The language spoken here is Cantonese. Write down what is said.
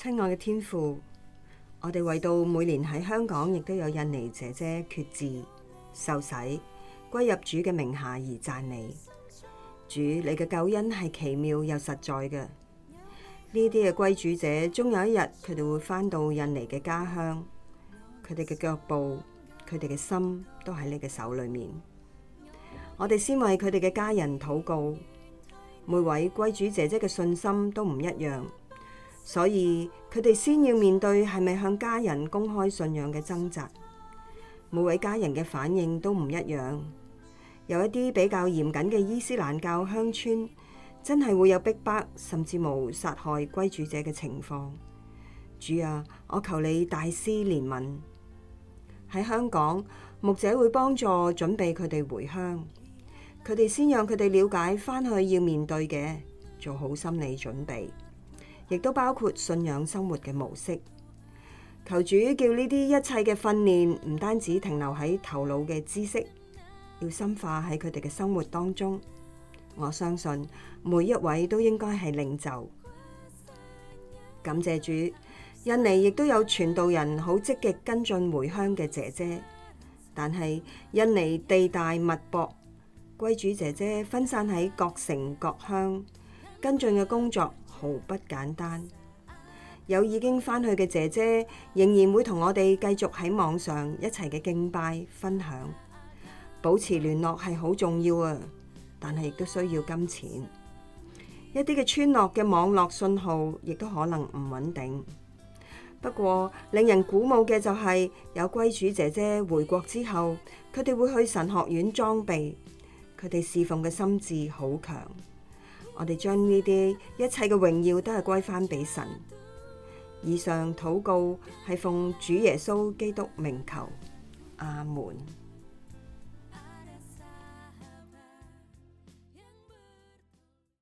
親愛嘅天父，我哋為到每年喺香港亦都有印尼姐姐決志受洗歸入主嘅名下而讚美主，你嘅救恩係奇妙又實在嘅。呢啲嘅歸主者，終有一日佢哋會返到印尼嘅家鄉，佢哋嘅腳步、佢哋嘅心都喺你嘅手裏面。我哋先為佢哋嘅家人禱告，每位歸主姐姐嘅信心都唔一樣。所以佢哋先要面對係咪向家人公開信仰嘅掙扎。每位家人嘅反應都唔一樣，有一啲比較嚴謹嘅伊斯蘭教鄉村，真係會有逼迫，迫甚至無殺害歸主者嘅情況。主啊，我求你大施憐憫。喺香港，牧者會幫助準備佢哋回鄉，佢哋先讓佢哋了解返去要面對嘅，做好心理準備。亦都包括信仰生活嘅模式。求主叫呢啲一切嘅訓練唔單止停留喺頭腦嘅知識，要深化喺佢哋嘅生活當中。我相信每一位都應該係領袖。感謝主，印尼亦都有傳道人好積極跟進回鄉嘅姐姐，但係印尼地大物博，歸主姐姐分散喺各城各鄉跟進嘅工作。毫不簡單，有已經返去嘅姐姐，仍然會同我哋繼續喺網上一齊嘅敬拜分享，保持聯絡係好重要啊！但係亦都需要金錢，一啲嘅村落嘅網絡信號亦都可能唔穩定。不過令人鼓舞嘅就係有歸主姐姐回國之後，佢哋會去神學院裝備，佢哋侍奉嘅心志好強。我哋將呢啲一切嘅榮耀都係歸翻俾神。以上禱告係奉主耶穌基督名求，阿門。